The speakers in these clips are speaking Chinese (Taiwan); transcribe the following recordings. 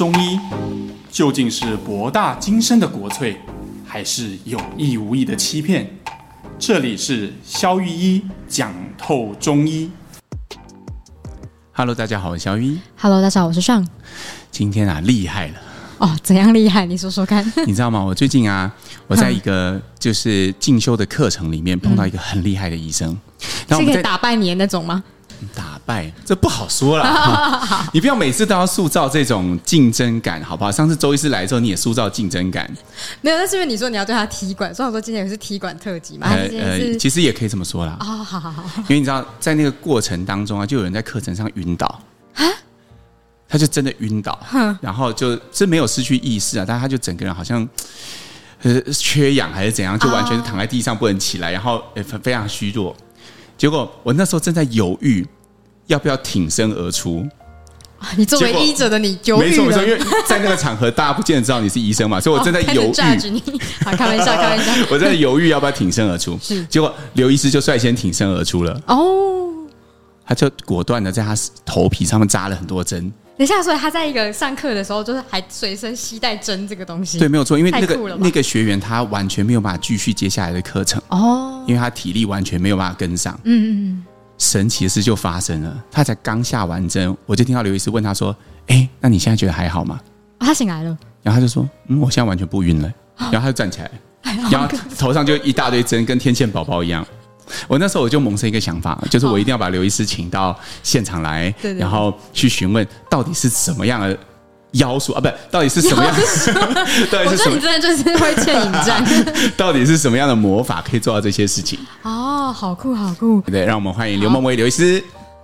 中醫究竟是博大精深的國粹，還是有意無意的欺騙？這裡是蕭御醫講透中醫。Hello，大家好，我是蕭御醫。Hello，大家好，我是 Sean。今天啊，厲害了。哦，oh, 怎樣厲害？你說說看。 你知道嗎？我最近啊，我在一個就是進修的課程裡面碰到一個很厲害的醫生。這個、嗯、打敗你的那種嗎？打敗這不好說了，嗯，你不要每次都要塑造這種競爭感，好不好？上次周醫師來之後，你也塑造競爭感。那那是不是你說你要對他踢館，所以我說今天也是踢館特輯嘛，呃呃。其實也可以這麼說啦。哦，好好好。因為你知道，在那個過程當中啊，就有人在課程上暈倒哈他就真的暈倒，哈然後就，就沒有失去意識啊，但他就整個人好像呃缺氧還是怎樣，就完全是躺在地上不能起來，然後也非常虛弱。結果我那時候正在猶豫要不要挺身而出，你作為醫者的你猶豫？沒錯沒錯，因為在那個場合大家不見得知道你是醫生嘛，所以我正在猶豫。開玩笑，開玩笑，我正在猶豫要不要挺身而出。是，結果劉醫師就率先挺身而出了。哦，他就果斷的在他頭皮上面扎了很多針。等一下，所以他在一個上課的時候，就是還隨身攜帶針這個東西。對，沒有錯，因為那個那個學員他完全沒有辦法繼續接下來的課程哦，因為他體力完全沒有辦法跟上。嗯嗯嗯，神奇的事就發生了，他才剛下完針，我就聽到劉醫師問他說：“哎、欸，那你現在覺得還好嗎？”哦、他醒來了，然後他就說：“嗯，我現在完全不暈了。哦”然後他就站起來，哎呀，然後頭上就一大堆針，啊、跟天線寶寶一樣。我那時候我就萌生一個想法，就是我一定要把劉醫師請到現場來，然後去詢問到底是什麼樣的妖術啊？不，到底是什麼樣的。我說你真的就是會欠引戰。到底是什麼樣的魔法可以做到這些事情？哦，好酷，好酷！對,對，讓我們歡迎劉夢薇劉醫師。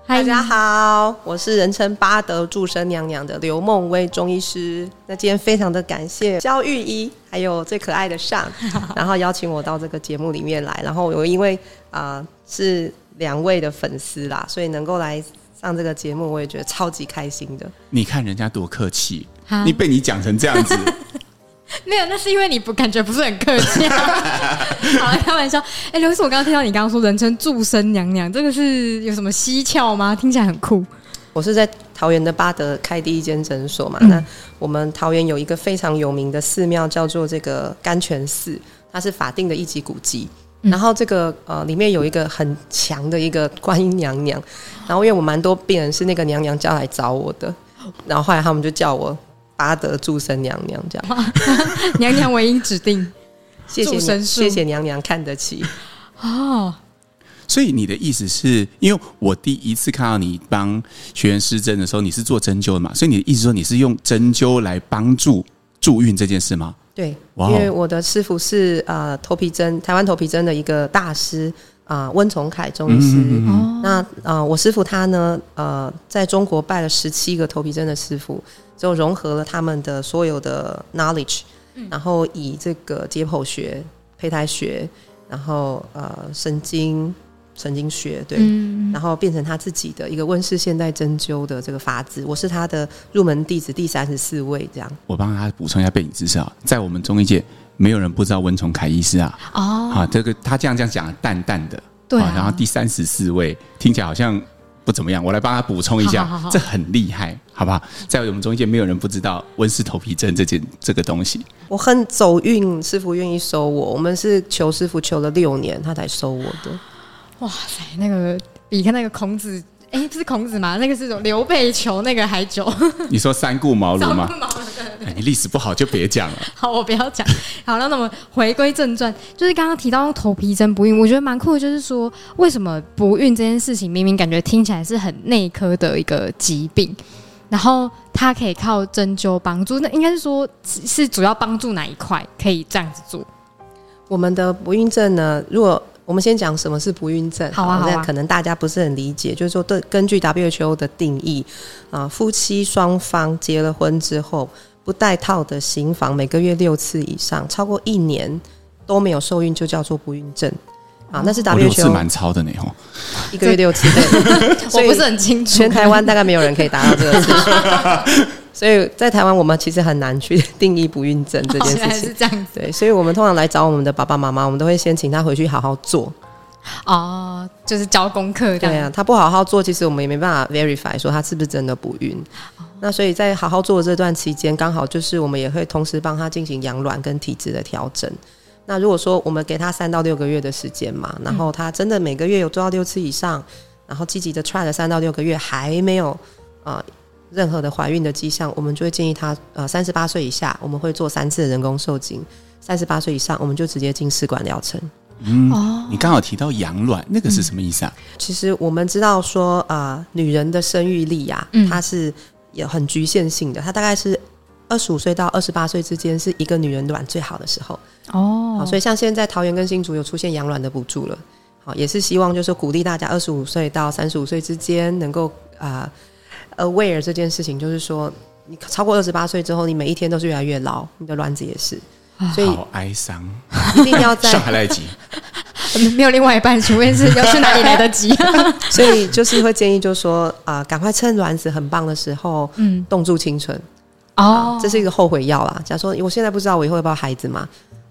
Hi 大家好，我是人稱“八德註生娘娘”的劉夢薇中醫師。那今天非常的感謝蕭御醫，還有最可愛的尚好，然後邀請我到這個節目裡面來。然後我因為啊、呃、是兩位的粉絲啦，所以能夠來上這個節目，我也覺得超級開心的。你看人家多客氣，哈你被你講成這樣子。 沒有，那是因為你不感覺不是很客氣、啊。 好了，開玩笑。哎、欸，劉醫師，我剛剛聽到你剛剛說人稱註生娘娘，這個是有什麼蹊蹺嗎？聽起來很酷。我是在桃園的八德開第一間診所嘛。嗯、那我們桃園有一個非常有名的寺廟叫做這個甘泉寺，它是法定的一級古蹟。嗯、然後這個呃，裡面有一個很強的一個觀音娘娘。然後因為我蠻多病人是那個娘娘叫來找我的，然後後來他們就叫我。八德註生娘娘，這樣 娘娘唯一指定， 謝謝你，謝，謝娘娘看得起哦。所以你的意思是，因為我第一次看到你幫學員施針的時候，你是做針灸的嘛？所以你的意思說，你是用針灸來幫助助孕這件事嗎？對，Wow 因為我的師傅是呃頭皮針，台灣頭皮針的一個大師啊、呃、溫崇凱中醫師。嗯嗯嗯嗯，那啊、呃、我師傅他呢，呃在中國拜了十七個頭皮針的師傅。就融合了他們的所有的 knowledge，然後以這個解剖學、胚胎學，然後呃神經神經學，對，然後變成他自己的一個溫氏現代針灸的這個法子。我是他的入門弟子第三十四位，這樣。我幫他補充一下背景知識啊，在我們中醫界，沒有人不知道溫崇凱醫師啊。哦，啊，這個他這樣這樣講，淡淡的，對。然後第三十四位，聽起來好像。不怎麼樣，我來幫他補充一下，好好好好這很厲害，好不好？在我們中間沒有人不知道溫氏頭皮針這件這個東西。我很走運，師傅願意收我。我們是求師傅求了六年，他才收我的。哇塞，那個你看那個孔子。哎，欸、不是孔子嗎？那個是劉備求那個還久。你說三顧茅廬嗎？三顧茅廬。哎，你歷史不好就別講了。好，我不要講。好，那我們回歸正傳，就是剛剛提到用頭皮針不孕，我覺得蠻酷。就是說，為什麼不孕這件事情，明明感覺聽起來是很內科的一個疾病，然後它可以靠針灸幫助？那應該是說是主要幫助哪一塊？可以這樣子做？我們的不孕症呢？如果我們先講什麼是不孕症，好啊、啊啊、可能大家不是很理解，就是說，對，根據 WHO 的定義，啊，夫妻雙方結了婚之後，不戴套的行房每個月六次以上，超過一年都沒有受孕，就叫做不孕症。啊，那是 WHO 蠻超的呢，吼，一個月六次，我不是很清楚，全台灣大概沒有人可以達到這個。所以在台灣，我們其實很難去定義不孕症這件事情。哦、是這樣子對，所以我們通常來找我們的爸爸媽媽，我們都會先請他回去好好做，哦，就是交功課這樣。對啊，他不好好做，其實我們也沒辦法 verify 說他是不是真的不孕。哦、那所以在好好做的這段期間，剛好就是我們也會同時幫他進行養卵跟體質的調整。那如果說我們給他三到六個月的時間嘛，然後他真的每個月有做到六次以上，然後積極的 try 了三到六個月還沒有啊。呃任何的懷孕的跡象，我們就會建議她，呃，三十八歲以下，我們會做三次人工受精；三十八歲以上，我們就直接進試管療程。嗯，你剛好提到養卵，那個是什麼意思啊？嗯、其實我們知道說，啊、呃，女人的生育力呀、啊，它是有很局限性的，嗯、它大概是二十五歲到二十八歲之間是一個女人卵最好的時候。哦、啊，所以像現在桃園跟新竹有出現養卵的補助了，好、啊，也是希望就是鼓勵大家二十五歲到三十五歲之間能夠啊。呃 Aware 這件事情，就是說，你超過二十八歲之後，你每一天都是越來越老，你的卵子也是，所以好哀傷，一定要在上海來得及， 我們沒有另外一半，除非是要去 哪裡來得及， 所以就是會建議就是，就說啊，趕快趁卵子很棒的時候，嗯，凍住青春，哦、呃，oh. 這是一個後悔藥啦。假如說我現在不知道我以後會不會有孩子嘛。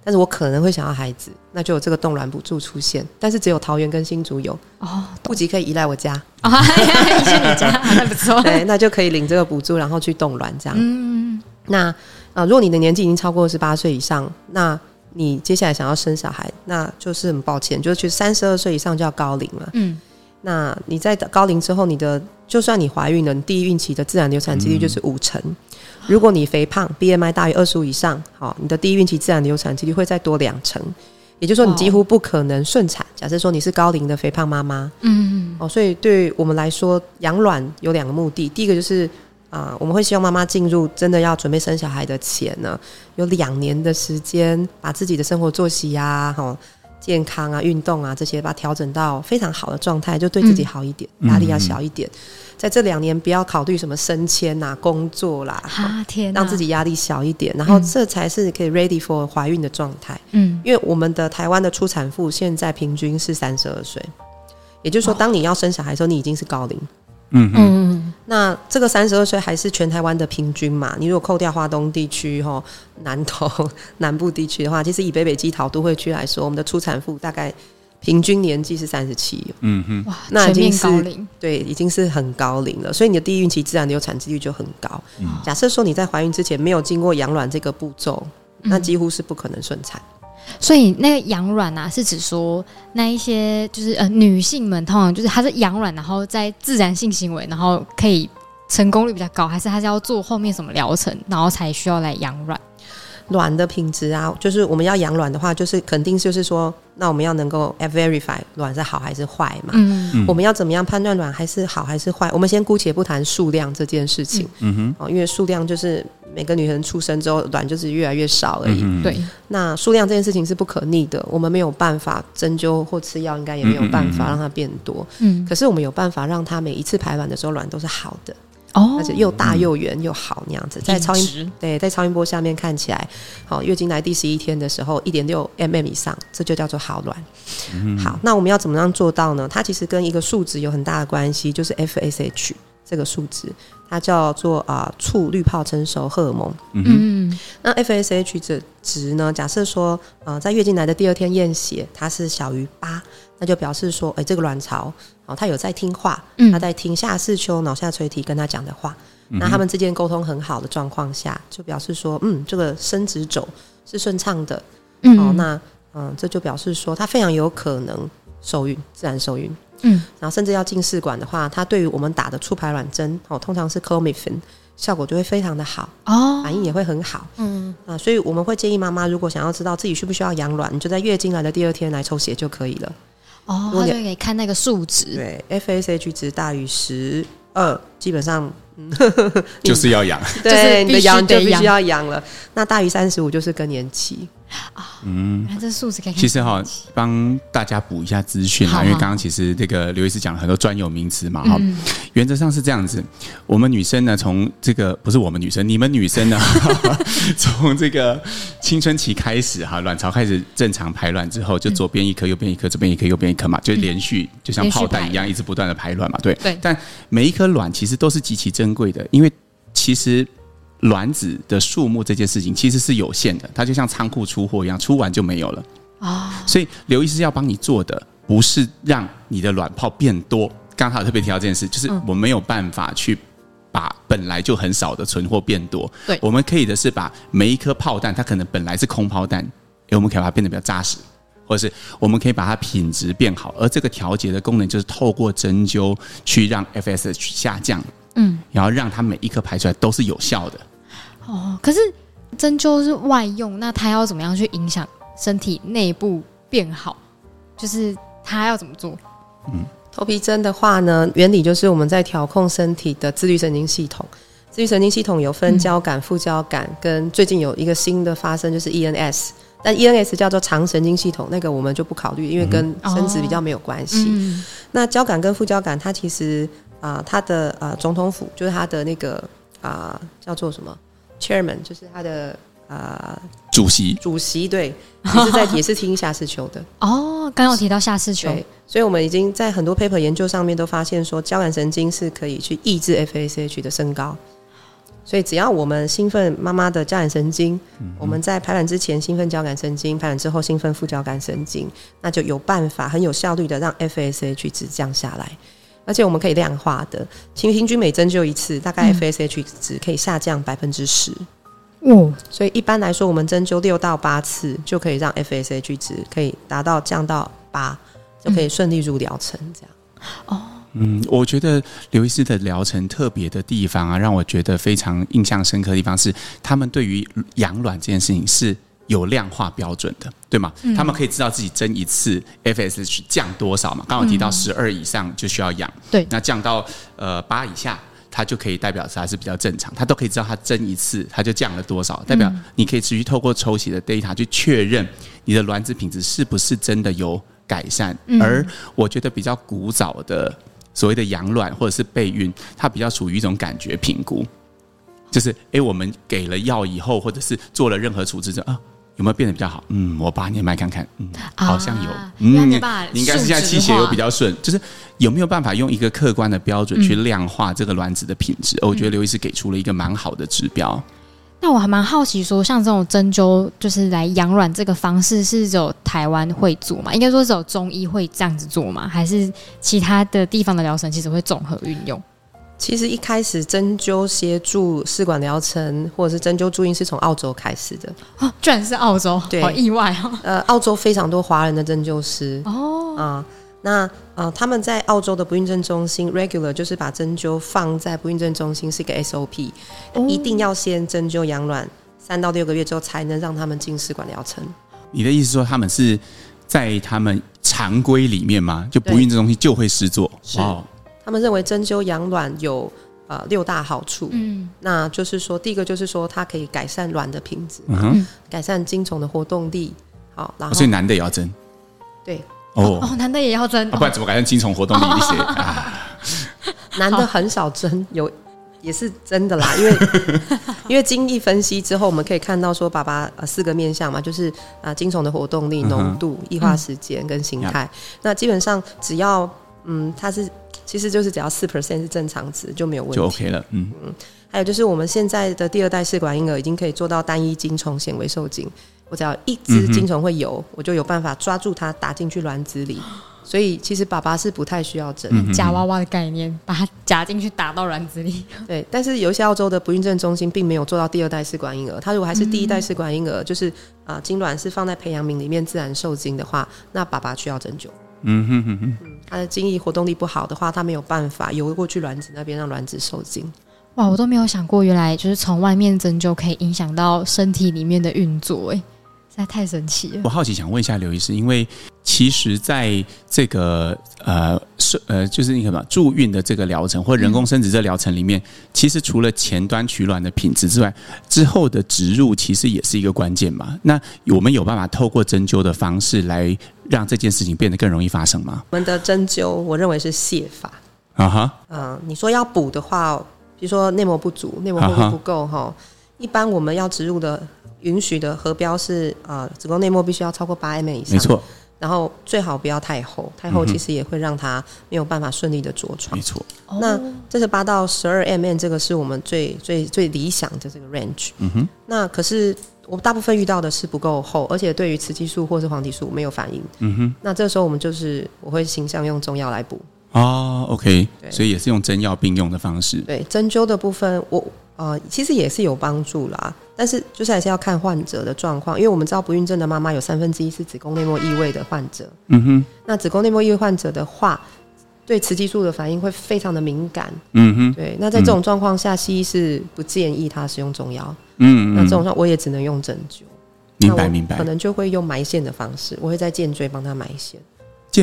但是我可能會想要孩子，那就有這個凍卵補助出現。但是只有桃園跟新竹有哦，戶籍可以依賴我家哦，依賴 你家、啊，還不錯，那就可以領這個補助，然後去凍卵這樣。嗯、那啊、呃，如果你的年紀已經超過二十八歲以上，那你接下來想要生小孩，那就是很抱歉，就是其實三十二歲以上就要高齡了。嗯，那你在高齡之後，你的就算你懷孕了，你第一孕期的自然流產幾率就是五成。嗯如果你肥胖，BMI 大於二十五以上，好、哦，你的第一孕期自然流產幾率會再多兩成，也就是說你幾乎不可能順產。哦、假設說你是高齡的肥胖媽媽，嗯哼，哦，所以對於我們來說，養卵有兩個目的，第一個就是啊、呃，我們會希望媽媽進入真的要準備生小孩的前呢，有兩年的時間，把自己的生活作息啊，哦、健康啊，運動啊這些，把它調整到非常好的狀態，就對自己好一點，壓力、嗯、要小一點。嗯在這兩年不要考慮什麼升遷吶、啊、工作啦、啊，哈、啊、天，讓自己壓力小一點，然後這才是可以 ready for 懷孕的狀態。嗯，因為我們的台灣的初產婦現在平均是三十二歲，嗯、也就是說，當你要生小孩的時候，你已經是高齡。嗯嗯哼嗯，那這個三十二歲還是全台灣的平均嘛？你如果扣掉花東地區、南投南部地區的話，其實以北北基桃都會區來說，我們的初產婦大概。平均年紀是三十七，嗯哼，哇，那已經是高齡對，已經是很高齡了。所以你的第一孕期自然流產機率就很高。嗯、假設說你在懷孕之前沒有經過養卵這個步驟，那幾乎是不可能順產、嗯。所以那個養卵啊，是指說那一些就是呃女性們通常就是她是養卵，然後在自然性行為，然後可以成功率比較高，還是她是要做後面什麼療程，然後才需要來養卵？卵的品質啊，就是我們要養卵的話，就是肯定就是說，那我們要能夠 verify 卵是好還是壞嘛？嗯。我們要怎麼樣判斷卵還是好還是壞？我們先姑且不談數量這件事情。嗯哼。因為數量就是每個女人出生之後，卵就是越來越少而已。嗯哼。對。那數量這件事情是不可逆的，我們沒有辦法針灸或吃藥，應該也沒有辦法讓它變多。嗯哼。可是我們有辦法讓它每一次排卵的時候，卵都是好的。哦，而且又大又圓又好那樣子，在超音，對，在超音波下面看起來，好，月經來第十一天的時候，一點六 mm 以上，這就叫做好卵。好，那我們要怎麼樣做到呢？它其實跟一個數值有很大的關係，就是 FSH 這個數值。它叫做啊促濾泡成熟荷爾蒙，嗯哼，那 FSH 的值呢？假設說，呃，在月經來的第二天驗血，它是小於八，那就表示說，哎、欸，這個卵巢哦、呃，它有在聽話，嗯、它在聽下視丘腦下垂體跟它講的話，嗯、哼那他們之間溝通很好的狀況下，就表示說，嗯，這個生殖軸是順暢的，哦、嗯哼，然後那嗯、呃，這就表示說，它非常有可能受孕，自然受孕。嗯，然後甚至要進試管的話，它對於我們打的促排卵針哦，通常是 c l o m i p h n 效果就會非常的好哦，反應也會很好。嗯，啊，所以我們會建議媽媽如果想要知道自己需不需要養卵，你就在月經來的第二天來抽血就可以了。哦，你就可以看那個數值，對，FSH 值大於十二、呃，基本上、嗯、就是要養，對，就是養你的羊就必須要養，要養了。那大於三十五就是更年期。啊，嗯、哦，其實哈，幫大家補一下資訊啊，因為剛剛其實這個劉醫師講了很多專有名詞嘛，哈，原則上是這樣子，我們女生呢，從這個不是我們女生，你們女生呢，從這個青春期開始哈，卵巢開始正常排卵之後，就左邊一顆，右邊一顆，左邊一顆，右邊一顆嘛，就連續就像炮彈一樣，一直不斷的排卵嘛，對，對，但每一顆卵其實都是極其珍貴的，因為其實。卵子的數目這件事情其實是有限的，它就像倉庫出貨一樣，出完就沒有了啊。哦、所以劉醫師要幫你做的不是讓你的卵泡變多，剛好特別提到這件事，就是我們沒有辦法去把本來就很少的存貨變多。對，嗯、我們可以的是把每一顆炮彈，它可能本來是空炮彈，因為我們可以把它變得比較扎實，或者是我們可以把它品質變好。而這個調節的功能就是透過針灸去讓 FSH 下降。嗯，然後讓它每一顆排出來都是有效的哦。可是針灸是外用，那它要怎麼樣去影響身體內部變好？就是它要怎麼做？嗯，頭皮針的話呢，原理就是我們在調控身體的自律神經系統。自律神經系統有分交感、嗯、副交感，跟最近有一個新的發生就是 ENS，但 ENS 叫做腸神經系統，那個我們就不考慮，因為跟生殖比較沒有關係。嗯哦、嗯嗯那交感跟副交感，它其實。啊、呃，他的啊、呃，總統府就是他的那個啊、呃，叫做什麼？Chairman，就是他的啊，呃、主席，主席對，是在也是聽下視丘的 哦。剛剛提到下視丘，對，所以我們已經在很多 paper 研究上面都發現說，交感神經是可以去抑制 FSH 的升高。所以只要我們興奮媽媽的交感神經，嗯、哼我們在排卵之前興奮交感神經，排卵之後興奮副交感神經，那就有辦法很有效率的讓 FSH 值降下來。而且我們可以量化的，平均每針灸一次，大概 FSH 值可以下降百分之十。嗯，所以一般來說，我們針灸六到八次就可以讓 FSH 值，可以達到降到八，就可以順利入療程這樣。哦，嗯，我覺得劉醫師的療程特別的地方啊，讓我覺得非常印象深刻的地方是，他們對於養卵這件事情是。有量化標準的，對嗎？嗯、他們可以知道自己針一次 FSH 是降多少嘛？剛剛提到十二以上就需要養，對、嗯，那降到呃八以下，它就可以代表是它是比較正常，它都可以知道它針一次它就降了多少，代表你可以持續透過抽血的 data 去確認你的卵子品質是不是真的有改善。嗯、而我覺得比較古早的所謂的養卵或者是備孕，它比較屬於一種感覺評估，就是哎、欸，我們給了藥以後，或者是做了任何處置之後啊。有沒有變得比較好？嗯，我把你脈看看，嗯，啊、好像有，嗯，應該是現在氣血有比較順。就是有沒有辦法用一個客觀的標準去量化這個卵子的品質，嗯哦？我覺得劉醫師給出了一個蠻好的指標。嗯、那我還蠻好奇說，說像這種針灸，就是來養卵這個方式，是只有台灣會做嗎？應該說是有中醫會這樣子做嗎？還是其他的地方的療程，其實會綜合運用？其實一開始針灸協助試管療程，或者是針灸助孕是從澳洲開始的。哦、啊，居然是澳洲，對好意外哈、啊！呃，澳洲非常多華人的針灸師哦。啊、呃，那呃，他們在澳洲的不孕症中心 regular 就是把針灸放在不孕症中心是一個 SOP，一定要先針灸養卵三到六個月之後，才能讓他們進試管療程。你的意思說，他們是在他們常規裡面嗎？就不孕症中心就會施做哦。對哇他們認為針灸養卵有呃六大好處，嗯，那就是說，第一個就是說它可以改善卵的品質，嗯，改善精蟲的活動力，好，然後哦、所以男的也要針，對，哦，哦，男的也要針、啊，不然怎麼改善精蟲活動力那些？哦啊、男的很少針，有也是真的啦，因為好因為精液分析之後，我們可以看到說，爸爸、呃、四個面向嘛，就是啊、呃，精蟲的活動力、濃、嗯、度、液化時間跟形態，嗯、那基本上只要嗯，他是。其實就是只要四 percent 是正常值就沒有問題，就 OK 了。嗯嗯，還有就是我們現在的第二代試管嬰兒已經可以做到單一精蟲顯微受精，我只要一隻精蟲會游，嗯、哼我就有辦法抓住它打進去卵子裡。所以其實爸爸是不太需要針，嗯、哼夾娃娃的概念，把它夾進去打到卵子裡。對，但是有一些澳洲的不孕症中心並沒有做到第二代試管嬰兒，他如果還是第一代試管嬰兒，嗯、哼就是啊精卵是放在培養皿裡面自然受精的話，那爸爸需要針灸。嗯哼，嗯哼哼、嗯，他的精液活動力不好的話，他沒有辦法游過去卵子那邊讓卵子受精。哇，我都沒有想過，原來就是從外面針灸可以影響到身體裡面的運作哎。那太神奇了！我好奇想問一下劉醫師，因為其實在這個呃是呃就是那個什麼助孕的這個療程或者人工生殖這療程裡面，嗯、其實除了前端取卵的品質之外，之後的植入其實也是一個關鍵嘛。那我們有辦法透過針灸的方式來讓這件事情變得更容易發生嗎？我們的針灸我認為是瀉法啊哈嗯，uh huh uh, 你說要補的話，比如說，內膜不足，內膜會不夠哈、uh huh 哦，一般我們要植入的，允許的核標是啊、呃，子宮內膜必須要超過八 mm 以上，沒錯錯。然後最好不要太厚，太厚其實也會讓它沒有辦法順利的着床沒錯、嗯哼。那、哦、這是八到十二 mm，這個是我們最最最理想的這個 range。嗯哼。那可是我大部分遇到的是不夠厚，而且對於雌激素或是黃體素沒有反應。嗯哼。那這時候我們就是我會傾向用中藥來補啊、哦。OK，對所以也是用針藥並用的方式。對，針灸的部分我。呃，其實也是有幫助啦，但是就是還是要看患者的狀況，因為我們知道不孕症的媽媽有三分之一是子宮內膜異位的患者。嗯哼，那子宮內膜異位患者的話，對雌激素的反應會非常的敏感。嗯哼，對，那在這種狀況下，西醫、嗯、是不建議她使用中藥。嗯，嗯，那這種話我也只能用針灸。明白明白，那我可能就會用埋線的方式，我會在頸椎幫她埋線。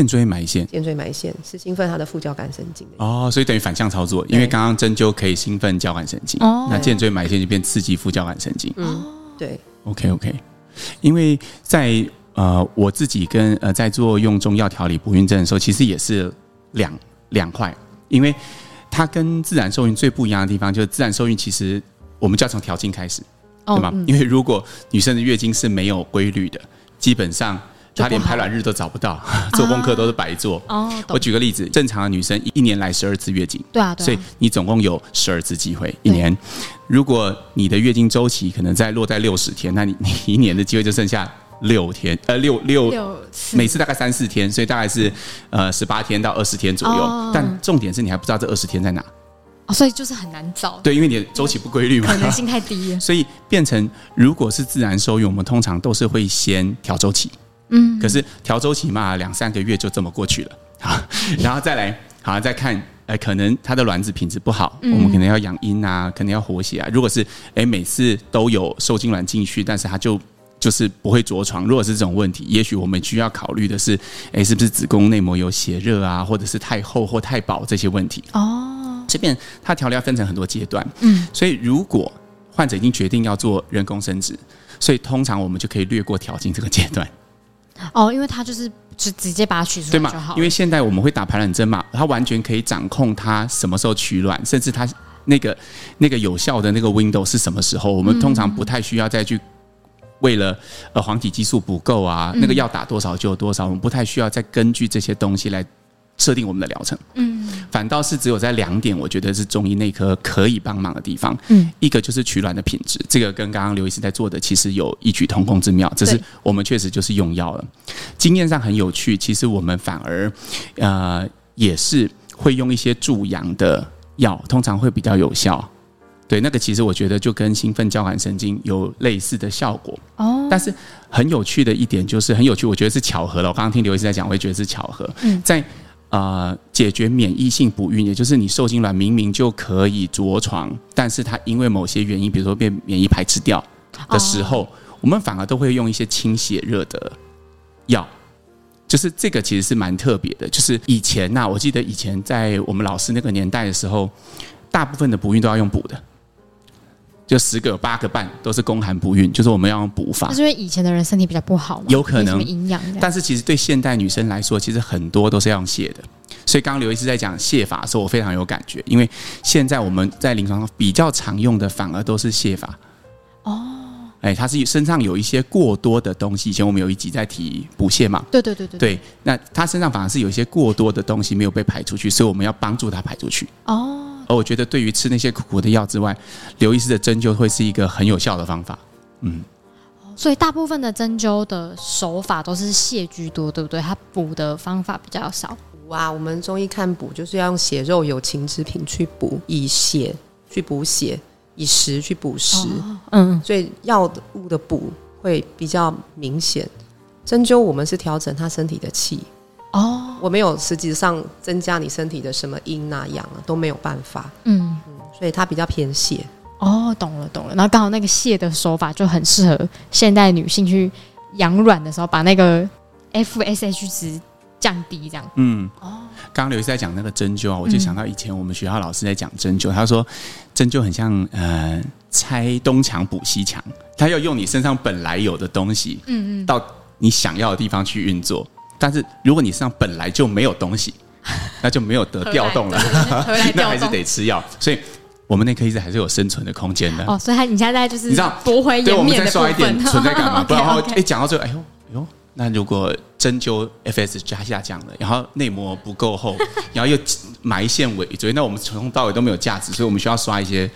頸椎埋線，頸椎埋線是興奮它的副交感神經的。哦，所以等於反向操作，對因為剛剛針灸可以興奮交感神經，對那頸椎埋線就變刺激副交感神經。嗯，對。OK，OK，okay, okay 因為在呃我自己跟呃在做用中藥調理不孕症的時候，其實也是兩兩塊，因為它跟自然受孕最不一樣的地方，就是自然受孕其實我們就要從調經開始，對嗎？因為如果女生的月經是沒有規律的，基本上。他連排卵日都找不到，啊、做功課都是白做。啊、我舉個例子，正常的女生一年來十二次月經，對啊，所以你總共有十二次機會一年。如果你的月經週期可能在落在六十天，那你你一年的機會就剩下六天，呃，六六每次大概三四天，所以大概是呃十八天到二十天左右。但重點是你還不知道這二十天在哪，所以就是很難找。對，因為你的週期不規律嘛，可能性太低，所以變成如果是自然受孕，我們通常都是會先調週期。嗯，嗯，可是調周期嘛，兩三個月就這麼過去了啊，然後再來，好再看，欸、可能它的卵子品質不好，嗯嗯我們可能要養陰啊，可能要活血啊。如果是哎、欸、每次都有受精卵進去，但是它就就是不會着床，如果是這種問題，也許我們需要考慮的是，哎、欸，是不是子宮內膜有血熱啊，或者是太厚或太薄這些問題？哦隨便，這邊它調理要分成很多階段，嗯，嗯，所以如果患者已經決定要做人工生殖，所以通常我們就可以略過調經這個階段。哦，因為他就是直接把它取出來就好。對，因為現在我們會打排卵針嘛，他完全可以掌控他什麼時候取卵，甚至他那個那個有效的那個 window 是什麼時候，我們通常不太需要再去為了呃黃體激素不夠啊，那個要打多少就有多少，嗯，我們不太需要再根據這些東西來設定我們的療程，嗯，嗯，嗯、反倒是只有在兩點，我覺得是中醫內科可以幫忙的地方，嗯，嗯，一個就是取卵的品質，這個跟剛剛劉醫師在做的其實有異曲同工之妙，只是我們確實就是用藥了，對 經驗上很有趣。其實我們反而呃也是會用一些助陽的藥，通常會比較有效，對，那個其實我覺得就跟興奮交感神經有類似的效果哦。但是很有趣的一點就是很有趣，我覺得是巧合了。我剛剛聽劉醫師在講，我也覺得是巧合，嗯、在。啊、呃，解決免疫性不孕，也就是你受精卵明明就可以着床，但是它因為某些原因，比如說被免疫排斥掉的時候，Oh. 我們反而都會用一些清血熱的藥，就是這個其實是蠻特別的。就是以前吶、啊，我記得以前在我們老師那個年代的時候，大部分的不孕都要用補的。就十個有八個半都是宮寒不孕，就是我們要用補法。是因為以前的人身體比較不好嘛，有可能營養。但是其實對現代女生來說，其實很多都是要用瀉的。所以剛剛劉醫師在講瀉法的時候，我非常有感覺，因為現在我們在臨床上比較常用的反而都是瀉法。哦。哎、欸，他是身上有一些過多的東西。以前我們有一集在提補瀉嘛？對,對對對對。對，那他身上反而是有一些過多的東西沒有被排出去，所以我們要幫助他排出去。哦。而我覺得，對於吃那些苦苦的藥之外，劉醫師的針灸會是一個很有效的方法。嗯，所以大部分的針灸的手法都是瀉居多，對不對？它補的方法比較少。補啊，我們中醫看補就是要用血肉有情之品去補，以血去補血，以食去補食。哦。嗯，所以藥物的補會比較明顯。針灸我們是調整他身體的氣。我沒有實際上增加你身體的什麼陰啊、陽啊都沒有辦法，嗯，嗯，所以它比較偏泄哦，懂了，懂了。那剛好那個泄的手法就很適合現代女性去養卵的時候，把那個 F S H 值降低，這樣。嗯，哦，剛剛劉醫師在講那個針灸啊，我就想到以前我們學校老師在講針灸，嗯、他說針灸很像呃拆東牆補西牆，他要用你身上本來有的東西，嗯嗯，到你想要的地方去運作。嗯嗯但是如果你身上本來就沒有東西，那就沒有得調動了，那還是得吃藥。所以，我們那顆一直還是有生存的空間的。哦，所以他你現在就是你知道奪回一點存在感嘛。然後一講到最後，哎呦。那如果針灸 FSH 下降了，然後內膜不夠厚， 然後又埋線尾，所以那我們從頭到尾都沒有價值，所以我們需要刷一些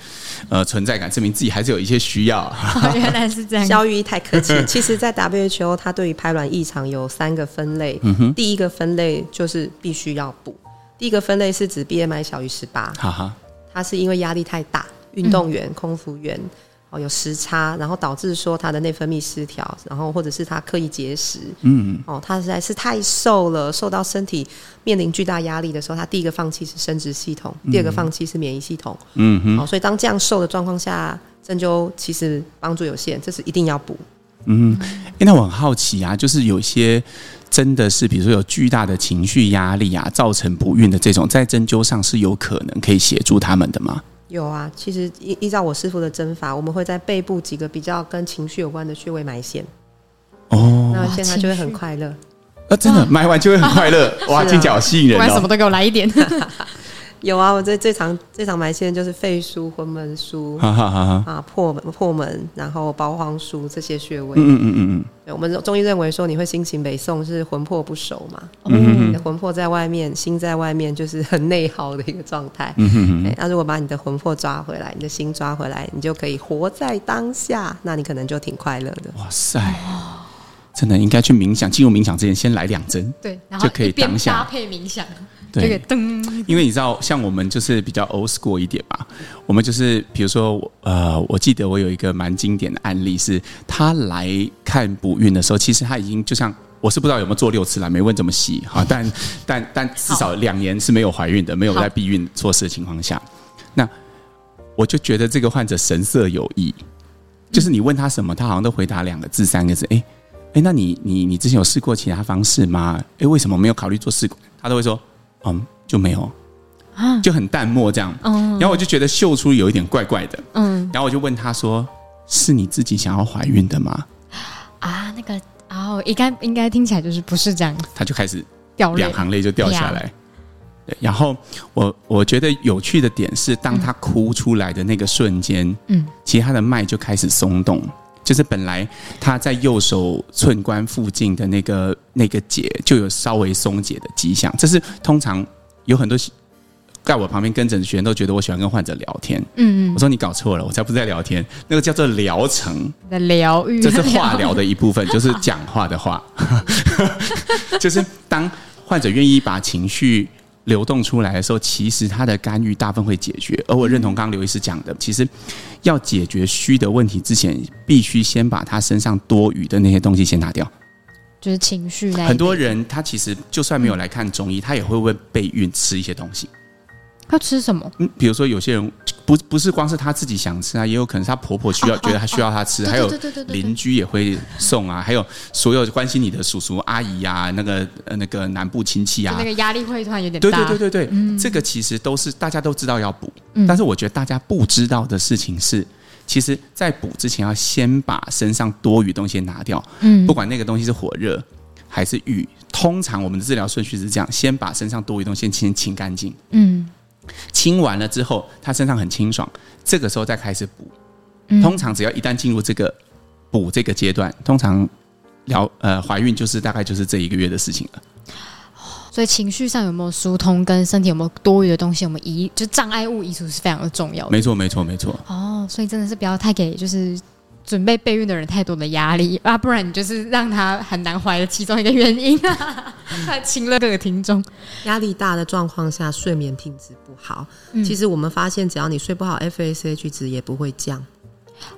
呃存在感，證明自己還是有一些需要。哦、原來是這樣，蕭御醫太客氣。其實，在 WHO，它對於排卵異常有三個分類。嗯哼。第一個分類就是必須要補。第一個分類是指 BMI 小於十八，哈哈，它是因為壓力太大，運動員、嗯、空服員。有時差，然後導致說他的內分泌失調，然後或者是他刻意節食，嗯嗯哼，哦，他實在是太瘦了，瘦到身體面臨巨大壓力的時候，他第一個放棄是生殖系統，嗯、哼第二個放棄是免疫系統，嗯嗯哼，哦，所以當這樣瘦的狀況下，針灸其實幫助有限，這是一定要補。嗯、欸，那我很好奇啊，就是有些真的是，比如說有巨大的情緒壓力啊，造成不孕的這種，在針灸上是有可能可以協助他們的嗎？有啊，其實依依照我師父的針法，我們會在背部幾個比較跟情緒有關的穴位埋線。哦，那現在就會很快樂、哦。啊，真的，埋哇完就會很快樂，哇，聽起來好吸引人、哦，不管什麼都給我來一點。 有啊，我最最常、最常埋線就是肺俞魂門俞哈哈哈哈啊，魄魄門，然後胞肓俞這些穴位。嗯嗯嗯嗯，嗯嗯對，我們中醫認為說，你會心情悲送是魂魄不守嘛，嗯，魂魄在外面，心在外面，就是很內耗的一個狀態。嗯，嗯，嗯那如果把你的魂魄抓回來，你的心抓回來，你就可以活在當下，那你可能就挺快樂的。哇塞！真的應該去冥想。進入冥想之前，先來兩針，對，就可以。搭配冥想，對，噔。因為你知道，像我們就是比較 old school 一點吧，我們就是，比如說，呃，我記得我有一個蠻經典的案例是，是他來看不孕的時候，其實他已經就像我是不知道有沒有做六次了，沒問這麼細哈。但但但至少兩年是沒有懷孕的，沒有在避孕措施的情況下，好那我就覺得這個患者神色有異，就是你問他什麼，他好像都回答兩個字，三個字，誒、欸。哎、欸，那你你你之前有試過其他方式嗎？哎、欸，為什麼沒有考慮做試管？他都會說，嗯，就沒有，啊，就很淡漠這樣。嗯，然後我就覺得嗅出有一點怪怪的。嗯，然後我就問他說：“是你自己想要懷孕的嗎？”啊，那個，哦，應該應該聽起來就是不是這樣。他就開始掉兩行淚就掉下來。對，然後我我覺得有趣的點是，當他哭出來的那個瞬間，嗯，其實他的脈就開始鬆動。就是本來他在右手寸關附近的那個那個結就有稍微鬆解的跡象，這是通常有很多在我旁邊跟診的學員都覺得我喜歡跟患者聊天。嗯嗯，我說，你搞錯了，我才不在聊天，那個叫做療程的療癒，療癒 這是話聊的一部分，療癒 就是講話的話，就是當患者願意把情緒。流動出來的時候，其實他的肝鬱大部分會解決。而我認同剛剛劉醫師講的，其實要解決虛的問題之前，必須先把他身上多餘的那些東西先拿掉，就是情緒。很多人他其實就算沒有來看中醫，嗯、他也會不會備孕吃一些東西。他吃什麼？嗯，比如說有些人不不是光是他自己想吃啊，也有可能是她婆婆需要，哦、覺得她需要她吃，哦哦、還有鄰居也會送啊，還有所有關心你的叔叔阿姨呀、啊，那個呃那個南部親戚啊，那個壓力會突然有點大。對對對對對，嗯、這個其實都是大家都知道要補，嗯、但是我覺得大家不知道的事情是，其實在補之前要先把身上多餘東西拿掉。嗯，不管那個東西是火熱還是鬱，通常我們的治療順序是這樣，先把身上多餘東西先清乾淨。嗯。清完了之後，她身上很清爽。這個時候再開始補，嗯、通常只要一旦進入這個補這個階段，通常了呃懷孕就是大概就是這一個月的事情了。所以情緒上有沒有疏通，跟身體有沒有多餘的東西，我們移就是、障礙物移除是非常的重要的沒。沒錯，沒錯，沒錯。哦，所以真的是不要太給就是。準備備孕的人太多的壓力啊，不然你就是讓他很難懷的其中一個原因啊。請了、嗯、各位聽眾，壓力大的狀況下睡眠品質不好，嗯、其實我們發現只要你睡不好，FSH 值也不會降。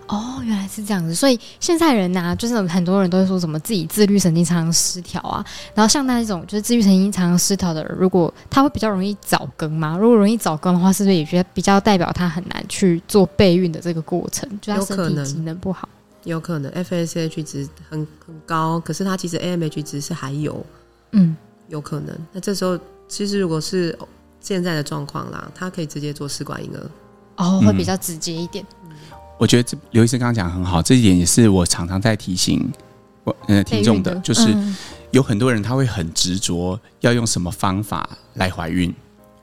哦，原來是這樣子，所以現在人吶、啊，就是很多人都會說什麼自己自律神經常常失調啊，然後像那一種就是自律神經常常失調的人，如果他會比較容易早更嘛？如果容易早更的話，是不是也覺得比較代表他很難去做備孕的這個過程？就他身體機能不好。有可能，有可能 FSH 值很很高，可是他其實 AMH 值是還有，嗯，有可能。那這時候其實如果是現在的狀況啦，他可以直接做試管嬰兒，哦，會比較直接一點。嗯我覺得這劉醫生剛剛講得很好，這一點也是我常常在提醒我呃聽眾的，的就是、嗯、有很多人他會很執着要用什麼方法來懷孕，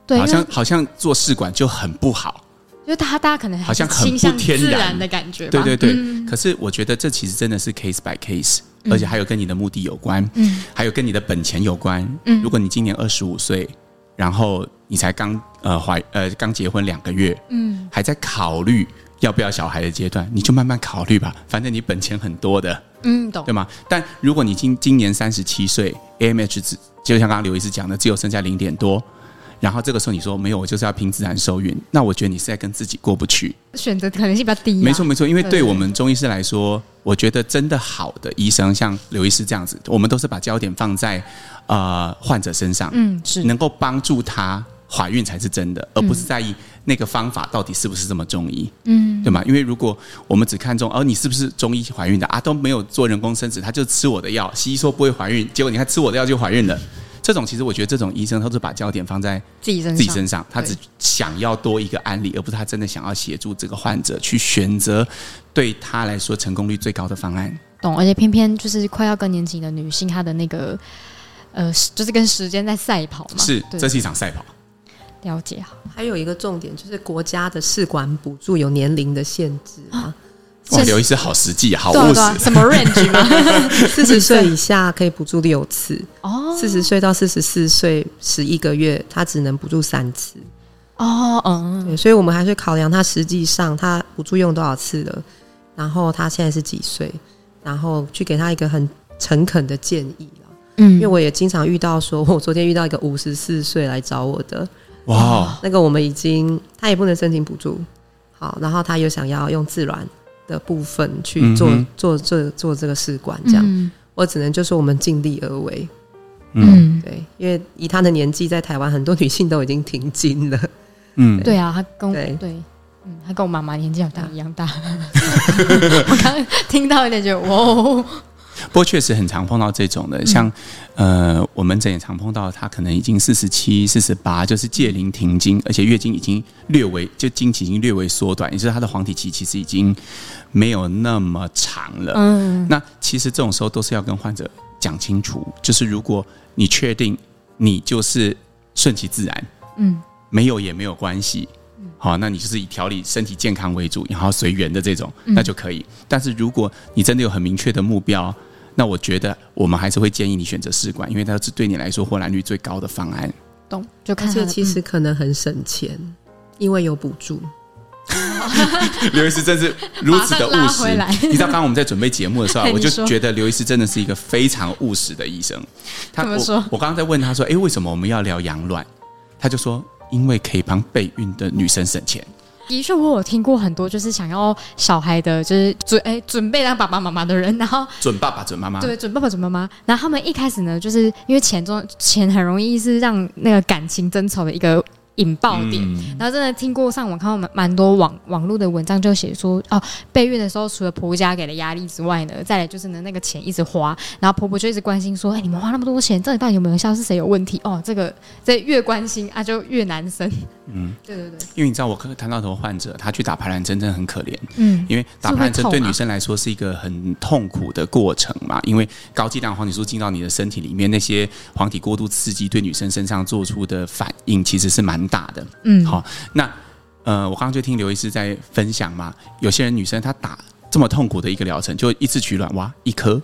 對好，好像好像做試管就很不好，因為他大家可能自好像很不天然，自然的感覺，對對對。嗯、可是我覺得這其實真的是 case by case，而且還有跟你的目的有關，嗯，還有跟你的本錢有關，嗯，如果你今年二十五歲，然後你才剛呃懷呃剛結婚兩個月，嗯，還在考慮。要不要小孩的階段，你就慢慢考慮吧。反正你本錢很多的，嗯，懂對嗎？但如果你今今年三十七歲，AMH 值就像剛剛劉醫師講的，只有剩下零點多，然後這個時候你說沒有，我就是要憑自然受孕，那我覺得你是在跟自己過不去。選擇可能性比較低啊。沒錯沒錯，因為對我們中醫師來說，我覺得真的好的醫生，像劉醫師這樣子，我們都是把焦點放在呃患者身上，嗯，是能夠幫助他懷孕才是真的，而不是在意。那個方法到底是不是這麼中醫？嗯，對嗎？因為如果我們只看重，哦、啊，你是不是中醫懷孕的啊？都沒有做人工生殖，他就吃我的藥，西醫說不會懷孕，結果你看吃我的藥就懷孕了。這種其實我覺得，這種醫生他都是把焦點放在自己身上、自己身上，他只想要多一個案例，對而不是他真的想要協助這個患者去選擇對他來說成功率最高的方案。懂，而且偏偏就是快要更年期的女性，她的那個呃，就是跟時間在賽跑嘛，是，對這是一場賽跑。了解，好，還有一個重點就是國家的試管補助有年齡的限制啊。哇、哦，劉醫師好實際，好務實。什麼 range 嗎？四十歲以下可以補助六次哦。四十歲到四十四歲十一個月，他只能補助三次哦。嗯、哦，對，所以我們還是考量他實際上他補助用多少次了，然後他現在是幾歲，然後去給他一個很誠懇的建議。嗯，因為我也經常遇到說，說我昨天遇到一個五十四歲來找我的。哇 Wow，那個我們已經，他也不能申請補助，好，然後他又想要用自然的部分去做、嗯、哼做做做這個試管，這樣，嗯嗯我只能就說，我們盡力而為，嗯，對，因為以他的年紀，在台灣很多女性都已經停經了，嗯，對，對啊，他跟我對，對，嗯，他跟我媽媽年紀好像一樣大，啊、 我剛剛聽到一點就哇。不過確實很常碰到這種的，像呃，我們這也常碰到，她可能已經四十七、四十八，就是屆齡停經，而且月經已經略微就經期已經略微縮短，也就是她的黃體期其實已經沒有那麼長了。嗯，那其實這種時候都是要跟患者講清楚，就是如果你確定你就是順其自然，嗯，沒有也沒有關係，好，那你就是以調理身體健康為主，然後隨緣的這種，那就可以。嗯，但是如果你真的有很明確的目標，那我覺得我們還是會建議你選擇試管，因為它是對你來說獲卵率最高的方案。懂，就看而且其實可能很省錢，嗯、因為有補助。劉醫師真是如此的務實。 你知道，剛剛我們在準備節目的時候，我就覺得劉醫師真的是一個非常務實的醫生。他怎麼說？我剛剛在問他說：“哎，為什麼我們要聊養卵？”他就說：“因為可以幫備孕的女生省錢。”的確，我有聽過很多，就是想要小孩的，就是準哎、欸、準備當爸爸媽媽的人，然後準爸爸準媽媽、準媽媽，對，準爸爸、準媽媽，然後他們一開始呢，就是因為錢中，錢很容易是讓那個感情爭吵的一個引爆點，然後真的聽過上網看到蠻蠻多網網絡的文章，就寫說哦、啊，備孕的時候除了婆家給的壓力之外呢，再來就是呢，那個錢一直花，然後婆婆就一直關心說，哎，你們花那麼多錢，這到底有沒有效？是誰有問題？哦，這個這越關心啊就越難生。嗯，對對對，嗯，因為你知道我看到很多患者，他去打排卵針真，真的很可憐。嗯，因為打排卵針對女生來說是一個很痛苦的過程嘛，因為高劑量黃體素進到你的身體裡面，那些黃體過度刺激對女生身上做出的反應，其實是蠻。大的，嗯，好，那，呃，我剛剛就聽劉醫師在分享嘛，有些人女生她打這麼痛苦的一個療程，就一次取卵，哇，一顆、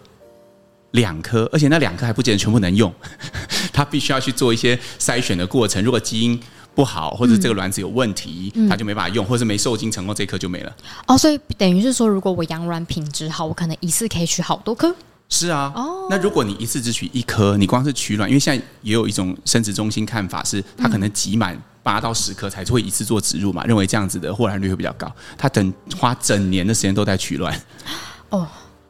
兩顆，而且那兩顆還不見得全部能用，呵呵她必須要去做一些篩選的過程。如果基因不好，或者這個卵子有問題，嗯、她就沒辦法用，或者是沒受精成功，這顆就沒了。哦，所以等於是說，如果我養卵品質好，我可能一次可以取好多顆。是啊，哦，那如果你一次只取一顆，你光是取卵，因為現在也有一種生殖中心看法是，它可能擠滿，八到十顆才會一次做植入嘛？認為這樣子的獲卵率會比較高。他等花整年的時間都在取卵，哦，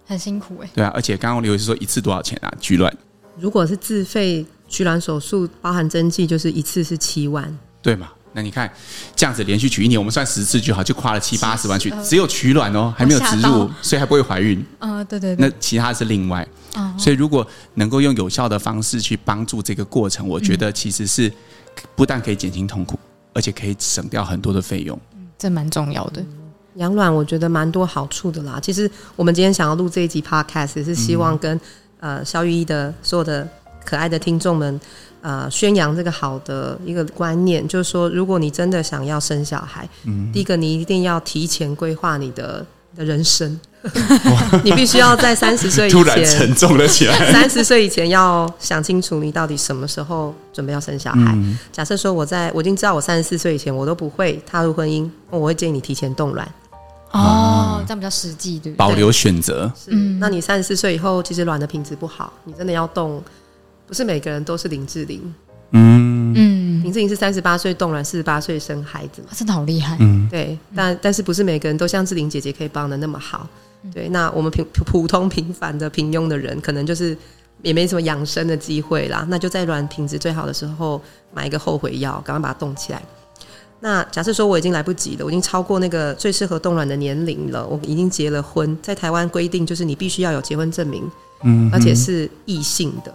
很辛苦哎。對啊，而且剛剛劉醫師說一次多少錢啊？取卵如果是自費取卵手術，包含針劑，就是一次是七萬，對嘛？那你看這樣子連續取一年，我們算十次就好，就花了七八十萬去，只有取卵哦、喔，還沒有植入，所以還不會懷孕。啊，對對。那其他是另外，所以如果能夠用有效的方式去幫助這個過程，我覺得其實是。不但可以減輕痛苦，而且可以省掉很多的費用。嗯，這蠻重要的。養、嗯、卵我覺得蠻多好處的啦。其實我們今天想要錄這一集 podcast，也是希望跟、嗯、呃蕭御醫的所有的可愛的聽眾們，呃宣揚這個好的一個觀念，就是說，如果你真的想要生小孩，嗯、第一個你一定要提前規劃你的的人生。 你必須要在三十歲以前，突然沉重了起來。三十歲以前要想清楚，你到底什麼時候準備要生小孩。嗯、假設說我在我已經知道我三十四歲以前我都不會踏入婚姻，我會建議你提前凍卵。哦，這樣比較實際，對，保留選擇是。那你三十四歲以後，其實卵的品質不好，你真的要凍。不是每個人都是林志玲。嗯，嗯林志玲是三十八歲凍卵，四十八歲生孩子，真的好厲害。嗯，對，但但是不是每個人都像志玲姐姐可以幫的那麼好。對，那我們平普通平凡的平庸的人，可能就是也沒什麼養生的機會啦。那就在卵品質最好的時候買一個後悔藥，趕快把它凍起來。那假設說我已經來不及了，我已經超過那個最適合凍卵的年齡了，我已經結了婚，在台灣規定就是你必須要有結婚證明，嗯哼，而且是異性的。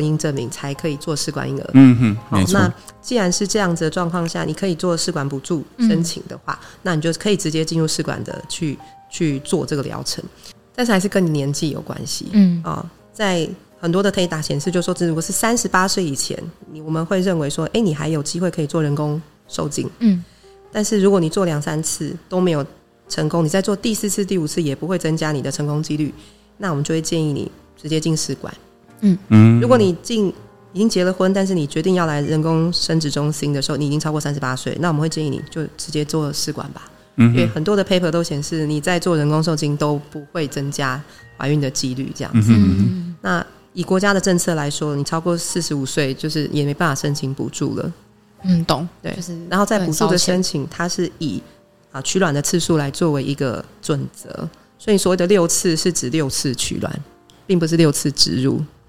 婚姻證明才可以做試管嬰兒。嗯哼，好。那既然是這樣子的狀況下，你可以做試管補助申請的話，嗯、那你就可以直接進入試管的去去做這個療程。但是還是跟你年紀有關係。嗯啊、哦，在很多的可以打顯示，就是、說如果是三十八歲以前，你我們會認為說，哎，你還有機會可以做人工受精。嗯，但是如果你做兩三次都沒有成功，你再做第四次、第五次也不會增加你的成功幾率，那我們就會建議你直接進試管。嗯嗯，如果你進已經結了婚，但是你決定要來人工生殖中心的時候，你已經超過三十八歲，那我們會建議你就直接做試管吧。嗯、哼因為很多的 paper 都顯示，你在做人工授精都不會增加懷孕的幾率這樣子。嗯、哼那以國家的政策來說，你超過四十五歲就是也沒辦法申請補助了。嗯，懂。對，然後在補助的申請，它是以啊取卵的次數來作為一個準則，所以所謂的六次是指六次取卵，並不是六次植入。啊、哦，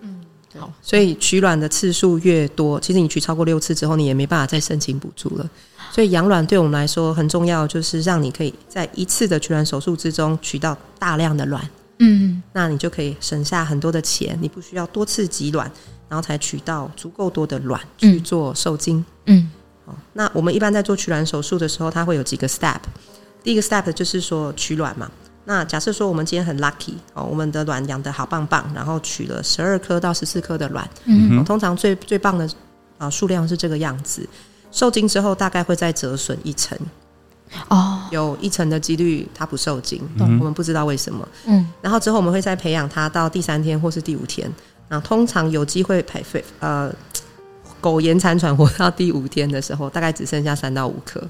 嗯，好。所以取卵的次數越多，其實你取超過六次之後，你也沒辦法再申請補助了。所以養卵對我們來說很重要，就是讓你可以在一次的取卵手術之中取到大量的卵。嗯，那你就可以省下很多的錢，你不需要多次擠卵，然後才取到足夠多的卵去做受精。嗯，嗯，好。那我們一般在做取卵手術的時候，它會有幾個 step。第一個 step 就是說取卵嘛。那假設說我們今天很 lucky，、哦、我們的卵養得好棒棒，然後取了十二顆到十四顆的卵、嗯哼哦。通常最最棒的數、啊、量是這個樣子，受精之後大概會再折損一成。哦。有一成的幾率它不受精，嗯、哼我們不知道為什麼。嗯。然後之後我們會再培養它到第三天或是第五天，通常有機會培肥、呃，呃苟延殘喘活到第五天的時候，大概只剩下三到五顆。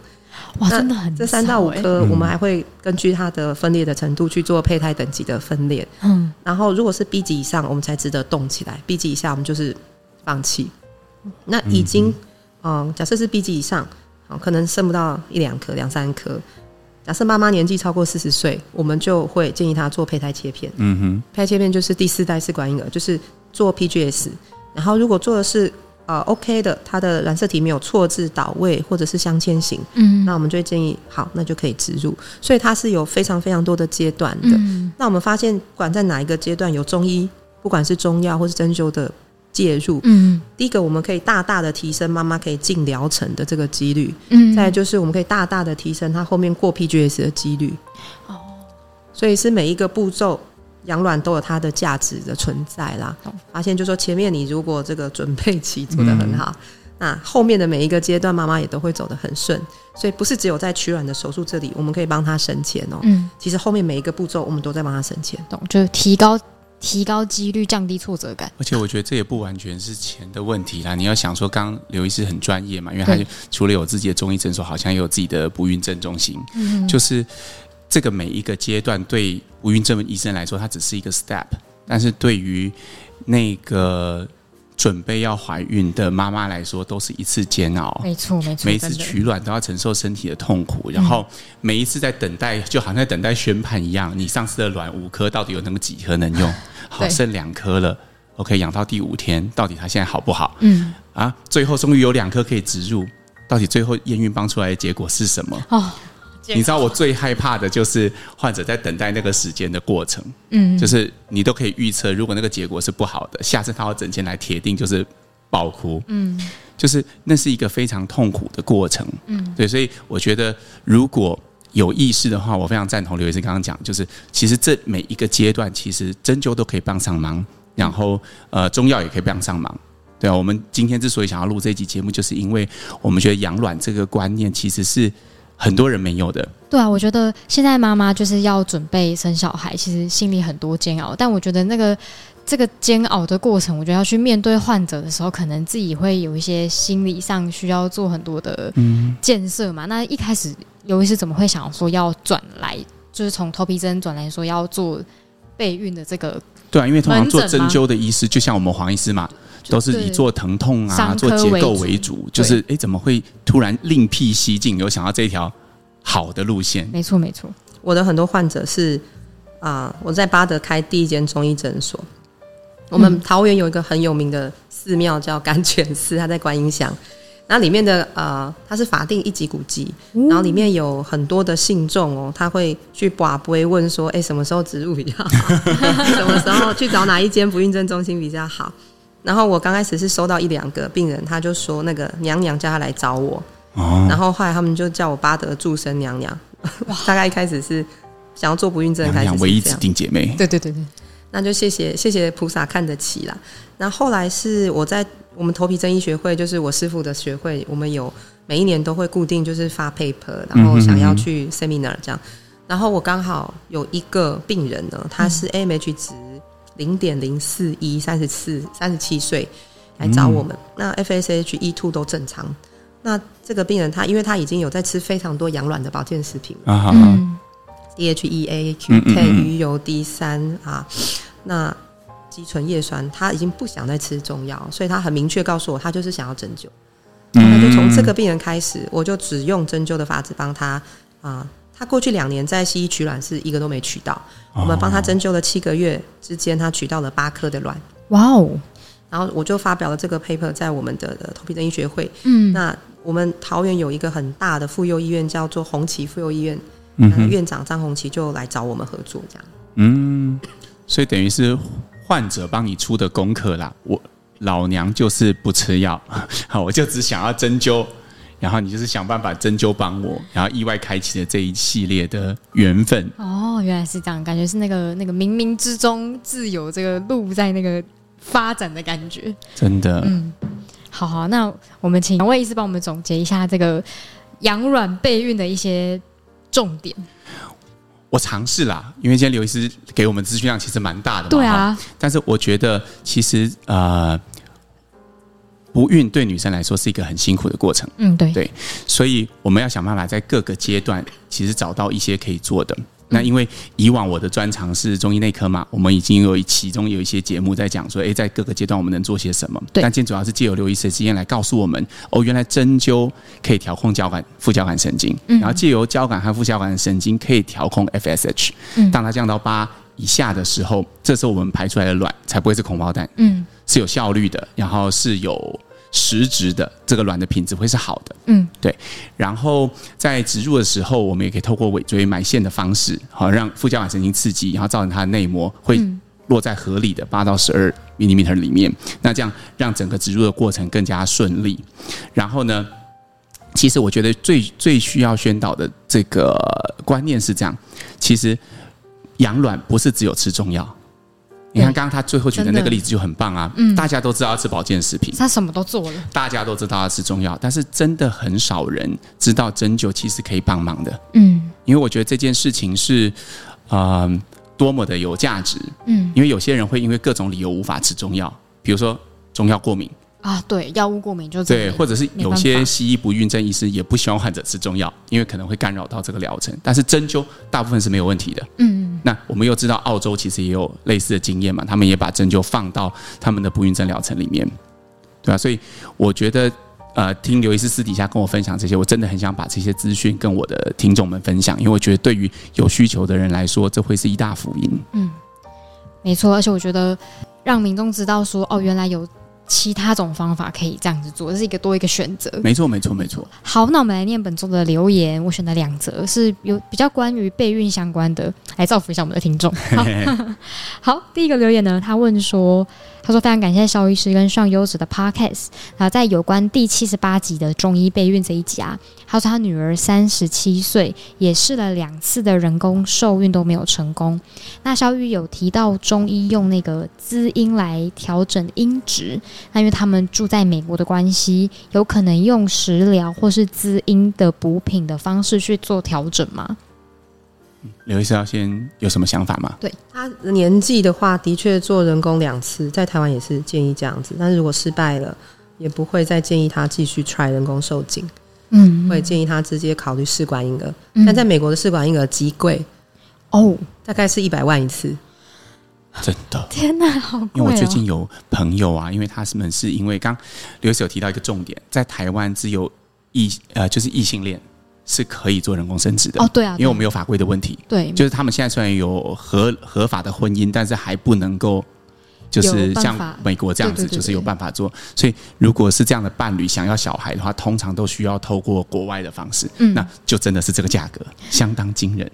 哇，真的很、欸、這三到五顆，我們還會根據它的分裂的程度去做胚胎等級的分裂。嗯，然後如果是 B 級以上，我們才值得凍起來；B 級以下，我們就是放棄。那已經，嗯，嗯呃、假設是 B 級以上，可能剩不到一兩顆、兩三顆。假設媽媽年紀超過四十歲，我們就會建議她做胚胎切片。嗯哼，胚胎切片就是第四代試管嬰兒，就是做 PGS。然後如果做的是。呃，OK 的，它的染色體沒有錯置、倒位或者是鑲嵌型，嗯，那我們就會建議好，那就可以植入。所以它是有非常非常多的階段的。嗯，那我們發現，不管在哪一個階段有中醫，不管是中藥或是針灸的介入，嗯，第一個我們可以大大的提升媽媽可以進療程的這個幾率，嗯，再來就是我們可以大大的提升她後面過 PGS 的幾率，哦，所以是每一個步驟。養卵都有它的價值的存在啦，發現就是說前面你如果這個準備期做得很好，嗯、那後面的每一個階段媽媽也都會走得很順，所以不是只有在取卵的手術這裡我們可以幫她省錢哦、喔，嗯，其實後面每一個步驟我們都在幫她省錢，嗯，省錢懂，就提高提高幾率，降低挫折感。而且我覺得這也不完全是錢的問題啦，你要想說，剛剛劉醫師很專業嘛，因為他對除了有自己的中醫診所，好像也有自己的不孕症中心，嗯，就是。這個每一個階段對不孕症醫生來說，它只是一個 step，但是對於那個準備要懷孕的媽媽來說，都是一次煎熬。沒錯，沒錯，每一次取卵都要承受身體的痛苦，然後每一次在等待，就好像在等待宣判一樣。你上次的卵五顆，到底有那麼幾顆能用？好，剩兩顆了。OK，養到第五天，到底它現在好不好？嗯，啊，最後終於有兩顆可以植入，到底最後驗孕棒出來的結果是什麼？哦。你知道我最害怕的就是患者，在等待那個時間的過程，嗯，就是你都可以預測，如果那個結果是不好的，下次他要診間來，鐵定就是爆哭，嗯，就是那是一個非常痛苦的過程，嗯，對，所以我覺得如果有意識的話，我非常贊同劉醫生剛剛講，就是其實這每一個階段，其實針灸都可以幫上忙，然後呃，中藥也可以幫上忙，對啊，我們今天之所以想要錄這一集節目，就是因為我們覺得養卵這個觀念其實是。很多人沒有的，對啊，我覺得現在媽媽就是要準備生小孩，其實心裡很多煎熬。但我覺得那個這個煎熬的過程，我覺得要去面對患者的時候，可能自己會有一些心理上需要做很多的建設嘛。嗯、那一開始，尤其是怎麼會想要說要轉來，就是從頭皮針轉來說要做備孕的這個，對啊，因為通常做針灸的醫師，就像我們黃醫師嘛，就都是以做疼痛啊、做結構為主，對就是誒、欸，怎麼會突然另闢蹊徑，有想到這條好的路線？沒錯，沒錯，我的很多患者是啊、呃，我在八德開第一間中醫診所，我們桃園有一個很有名的寺廟叫甘泉寺，他在觀音鄉。那裡面的呃，它是法定一級古蹟，嗯、然後裡面有很多的信眾哦，他會去，拔杯問說，哎，什麼時候植入呀？ 什麼時候去找哪一間不孕症中心比較好？然後我剛開始是收到一兩個病人，他就說那個娘娘叫他來找我，哦、然後後來他們就叫我八德註生娘娘，哇大概一開始是想要做不孕症的開始，娘娘唯一指定姐妹，對對對對，那就謝謝謝謝菩薩看得起啦。那後，後來是我在。我們頭皮針醫學會就是我師父的學會，我們有每一年都會固定就是發 paper，然後想要去 seminar 這樣。然後我剛好有一個病人呢，他是 AMH 值零點零四一，三十四三十七歲來找我們。嗯、那 FSH、E 2都正常。那這個病人他因為他已經有在吃非常多養卵的保健食品了啊，好好 A, K, 嗯，DHEA、嗯嗯、Q ten 魚油 D 三啊，那。肌醇葉酸，他已經不想再吃中藥，所以他很明確告訴我，他就是想要針灸。嗯，就從這個病人開始，我就只用針灸的法子幫他啊。他、呃、過去兩年在西醫取卵是一個都沒取到，哦、我們幫他針灸了七個月之間，他取到了八顆的卵。哇哦！然後我就發表了這個 paper 在我們的頭、呃、皮針醫學會。嗯，那我們桃園有一個很大的婦幼醫院，叫做紅旗婦幼醫院。嗯哼，院長張紅旗就來找我們合作，這樣。嗯，所以等於是。患者幫你出的功課啦，我老娘就是不吃藥，好， 我就只想要針灸，然後你就是想辦法針灸幫我，然後意外開啟了這一系列的緣分。哦，原來是這樣，感覺是那個那個冥冥之中自有這個路在那個發展的感覺，真的。嗯，好好，那我們請夢薇醫師幫我們總結一下這個養卵備孕的一些重點。我嘗試啦，因為今天劉醫師給我們的資訊量其實蠻大的嘛。對啊，但是我覺得其實呃，不孕對女生來說是一個很辛苦的過程。嗯，對對，所以我們要想辦法在各個階段，其實找到一些可以做的。那因為以往我的專長是中醫內科嘛，我們已經有一其中有一些節目在講說，哎，在各個階段我們能做些什麼？但今天主要是借由劉醫師的經驗來告訴我們，哦，原來針灸可以調控交感、副交感神經，然後借由交感和副交感神經可以調控 FSH，當它降到八以下的時候，這時候我們排出來的卵才不會是空包蛋，嗯，是有效率的，然後是有。實質的這個卵的品質會是好的，嗯，對。然後在植入的時候，我們也可以透過尾椎埋線的方式，好、哦、讓副交感神經刺激，然後造成它的內膜會落在合理的八到十二毫米裡面。嗯、那這樣讓整個植入的過程更加順利。然後呢，其實我覺得最最需要宣導的這個觀念是這樣：其實養卵不是只有吃中藥。你看，剛剛他最後舉的那個例子就很棒啊！大家都知道要吃保健食品，他什麼都做了。大家都知道要吃中藥，但是真的很少人知道針灸其實可以幫忙的。嗯，因為我覺得這件事情是，嗯，多麼的有價值。嗯，因為有些人會因為各種理由無法吃中藥，比如說中藥過敏。啊，對，藥物過敏就對，或者是有些西醫不孕症醫師也不希望患者吃中藥，因為可能會干擾到這個療程。但是針灸大部分是沒有問題的。嗯，那我們又知道澳洲其實也有類似的經驗嘛，他們也把針灸放到他們的不孕症療程裡面，對啊，所以我覺得，呃，聽劉醫師私底下跟我分享這些，我真的很想把這些資訊跟我的聽眾們分享，因為我覺得對於有需求的人來說，這會是一大福音。嗯，沒錯，而且我覺得讓民眾知道說，哦，原來有。其他種方法可以這樣子做，這是一個多一個選擇。沒錯，沒錯，沒錯。好，那我們來念本周的留言。我選了兩則是有比較關於備孕相關的，來造福一下我們的聽眾。嘿嘿好， 好，第一個留言呢，他問說。他說：“非常感謝蕭醫師跟上優質的 Podcast 啊，在有關第七十八集的中醫備孕這一集啊，他說他女兒三十七歲，也試了兩次的人工受孕都沒有成功。那蕭御醫有提到中醫用那個滋陰來調整陰值，那因為他們住在美國的關係，有可能用食療或是滋陰的補品的方式去做調整嗎？”劉醫生要先有什麼想法嗎？對他年紀的話，的確做人工兩次，在台灣也是建議這樣子。但是如果失敗了，也不會再建議他繼續踹人工受精。嗯，嗯，會建議他直接考慮試管嬰兒。嗯嗯，但在美國的試管嬰兒極貴哦，大概是一百萬一次。真的？天哪，啊，好貴！哦，因為我最近有朋友啊，因為他們是因為剛劉醫生有提到一個重點，在台灣只有異呃，就是異性戀。是可以做人工生殖的哦，對啊，對，因為我們有法規的問題，對，就是他們現在雖然有合合法的婚姻，但是還不能夠，就是像美國這樣子，對對對，就是有辦法做。所以，如果是這樣的伴侶想要小孩的話，通常都需要透過國外的方式，嗯，那就真的是這個價格相當驚人。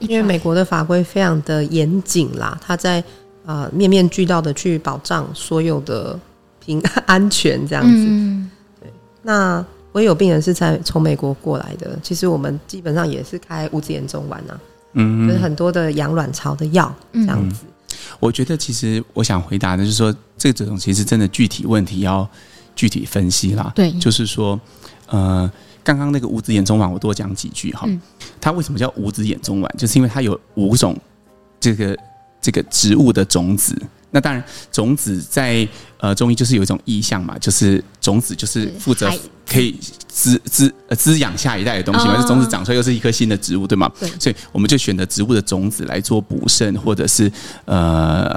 因為美國的法規非常的嚴謹啦，他在呃面面俱到的去保障所有的平安全這樣子，嗯、對，那。我有病人是在從美國過來的，其實我們基本上也是開五子衍宗丸吶、啊，嗯哼，很多的養卵巢的藥、嗯、這樣子、嗯。我覺得其實我想回答的就是說，這種其實真的具體問題要具體分析啦。對，就是說，呃，剛剛那個五子衍宗丸，我多講幾句哈。嗯、它為什麼叫五子衍宗丸？就是因為它有五種這個這個植物的種子。那當然，種子在呃中醫就是有一種意象嘛，就是種子就是負責可以滋滋呃滋養下一代的東西嘛。而且種子長出來又是一顆新的植物，對嗎？對。所以我們就選擇植物的種子來做補腎或者是呃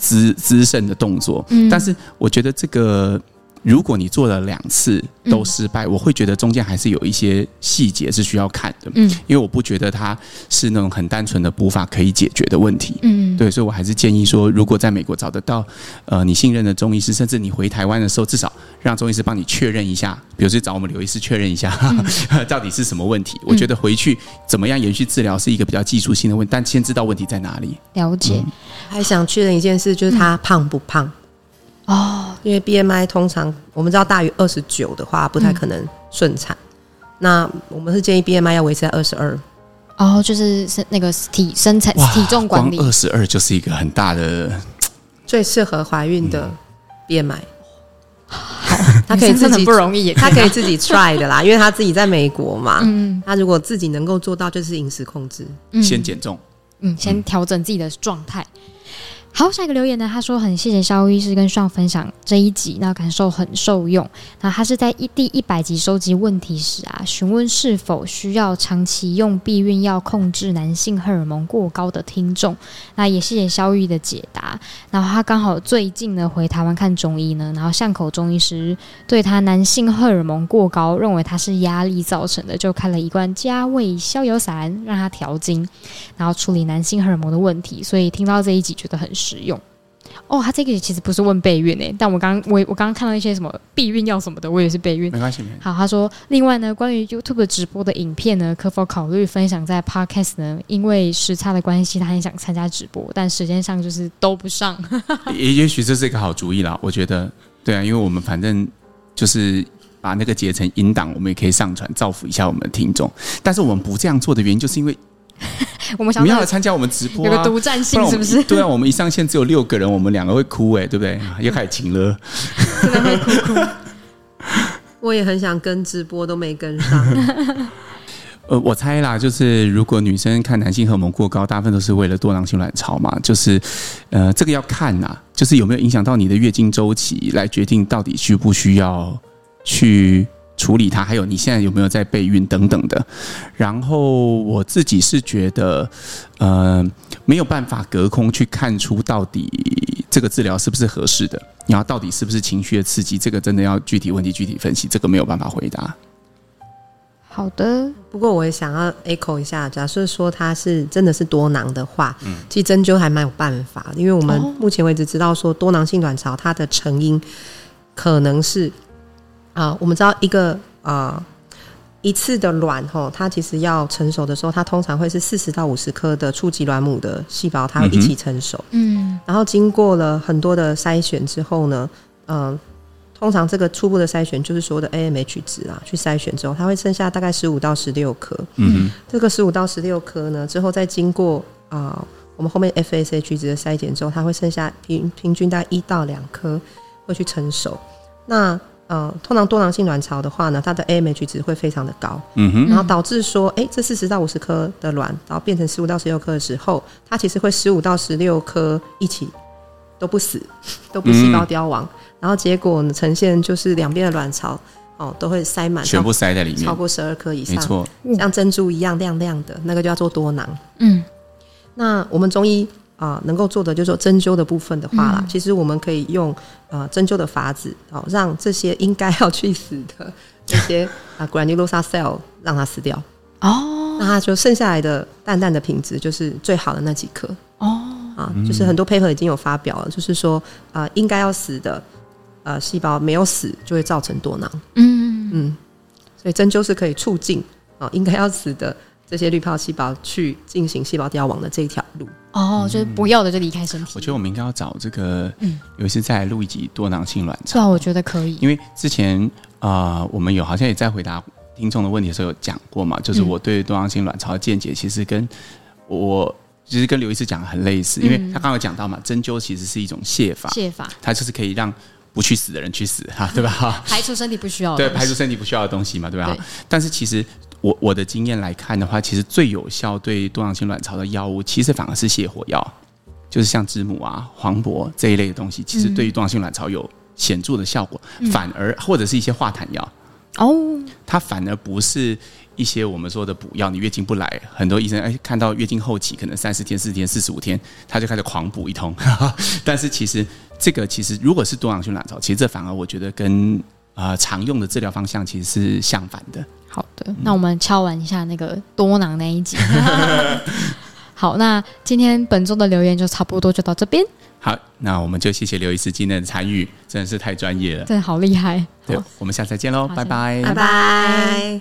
滋滋腎的動作。嗯、但是我覺得這個。如果你做了兩次都失敗，嗯、我會覺得中間還是有一些細節是需要看的。嗯，因為我不覺得它是那種很單純的補法可以解決的問題。嗯，對，所以我還是建議說，如果在美國找得到呃你信任的中醫師，甚至你回台灣的時候，至少讓中醫師幫你確認一下，比如說找我們劉醫師確認一下、嗯、到底是什麼問題。嗯、我覺得回去怎麼樣延續治療是一個比較技術性的問題，但先知道問題在哪裡。了解，嗯、還想確認一件事，就是他胖不胖？哦，因為 B M I 通常我們知道大於二十九的話，不太可能順產，那我們是建議 B M I 要維持在二十二。哦，就是是那個體身材體重管理，二十二就是一個很大的最適合懷孕的 B M I，他可以自己不容易，他可以自己 try 的啦，因為他自己在美國嘛。嗯，他如果自己能夠做到，就是飲食控制，先減重，嗯，先調整自己的狀態。好，下一個留言呢？他說很謝謝蕭御醫師跟上分享這一集，那感受很受用。那他是在一第一百集收集問題時啊，詢問是否需要長期用避孕藥控制男性荷爾蒙過高的聽眾。那也謝謝蕭御醫的解答。然後他剛好最近呢回台灣看中醫呢，然後巷口中醫師對他男性荷爾蒙過高，認為他是壓力造成的，就開了一罐加味逍遙散讓他調經，然後處理男性荷爾蒙的問題。所以聽到這一集覺得很。使用哦，oh, 他這個也其實不是問備孕哎，但我剛我我剛剛看到一些什麼避孕藥什麼的，我也是備孕，沒關係，沒關係。好，他說另外呢，關於 YouTube 直播的影片呢，可否考慮分享在 Podcast 呢？因為時差的關係，他很想參加直播，但時間上就是都不上。 也也許這是一個好主意啦，我覺得對啊，因為我們反正就是把那個截成音檔，我們也可以上傳，造福一下我們的聽眾。但是我們不這樣做的原因，就是因為。 我們想是是你要來參加我們直播，啊，有個獨占性是不是？對啊，我們一上線只有六個人，我們兩個會哭哎，欸，對不對？又開始停了，哭。 我也很想跟直播，都沒跟上。 呃，我猜啦，就是如果女生看男性荷爾蒙過高，大部分都是為了多囊性卵巢嘛，就是呃，這個要看吶，啊，就是有沒有影響到你的月經週期，來決定到底需不需要去。處理它，還有你現在有沒有在備孕等等的。然後我自己是覺得，呃，沒有辦法隔空去看出到底這個治療是不是合適的，然後到底是不是情緒的刺激，這個真的要具體問題具體分析，這個沒有辦法回答。好的，不過我也想要 echo 一下，假設說它是真的是多囊的話，嗯，其實針灸還蠻有辦法，因為我們目前為止知道說多囊性卵巢它的成因可能是。啊，我們知道一個啊、呃，一次的卵吼，它其實要成熟的時候，它通常會是四十到五十顆的初級卵母的細胞，它會一起成熟。嗯哼，然後經過了很多的篩選之後呢，嗯、呃，通常這個初步的篩選就是說的 AMH 值啊，去篩選之後，它會剩下大概十五到十六顆。嗯哼，這個十五到十六顆呢，之後再經過啊、呃，我們後面 FSH 值的篩減之後，它會剩下平平均大概一到兩顆會去成熟。那呃，通常多囊性卵巢的話呢，它的 AMH 值會非常的高，嗯哼，然後導致說，哎、欸，這四十到五十顆的卵，然後變成十五到十六顆的時候，它其實會十五到十六顆一起都不死，都不細胞凋亡，嗯、然後結果呈現就是兩邊的卵巢哦、呃、都會塞滿，全部塞在裡面，超過十二顆以上，沒錯，像珍珠一樣亮亮的，那個就叫做多囊，嗯，那我們中醫。啊，能夠做的就是說針灸的部分的話啦，嗯、其實我們可以用啊針、呃、灸的法子哦，讓這些應該要去死的這些 啊 granulosa cell 讓它死掉哦，那它就剩下來的蛋蛋的品質就是最好的那幾顆哦啊，就是很多配合已經有發表了，嗯、就是說啊、呃、應該要死的呃細胞沒有死，就會造成多囊嗯嗯，所以針灸是可以促進啊、呃、應該要死的。這些濾泡細胞去進行細胞凋亡的這條路哦，就是不要的就離開身體、嗯。我覺得我們應該要找這個，嗯，劉醫師再來錄一集多囊性卵巢，對、啊、我覺得可以。因為之前啊、呃，我們有好像也在回答聽眾的問題的時候有講過嘛，就是我對多囊性卵巢的見解其實跟、嗯、我其實跟劉醫師講的很類似，因為他剛剛有講到嘛，針灸其實是一種瀉法，瀉法，它就是可以讓不去死的人去死哈、啊，對吧？排除身體不需要的，對，排除身體不需要的東西嘛，對吧？對，但是其實。我我的經驗來看的話，其實最有效對多囊性卵巢的藥物，其實反而是瀉火藥，就是像知母啊、黃柏這一類的東西，其實對於多囊性卵巢有顯著的效果。嗯、反而或者是一些化痰藥哦，嗯、它反而不是一些我們說的補藥。你月經不來，很多醫生哎、欸、看到月經後期，可能三十天、四十天、四十五天，他就開始狂補一通哈哈。但是其實這個其實如果是多囊性卵巢，其實這反而我覺得跟啊、呃、常用的治療方向其實是相反的。好的，那我們敲完一下那個多囊那一集。 好，那今天本周的留言就差不多就到這邊。好，那我們就謝謝劉醫師今天的參與，真的是太專業了，真的好厲害。對，好我們下次再見嘍，拜拜，拜拜。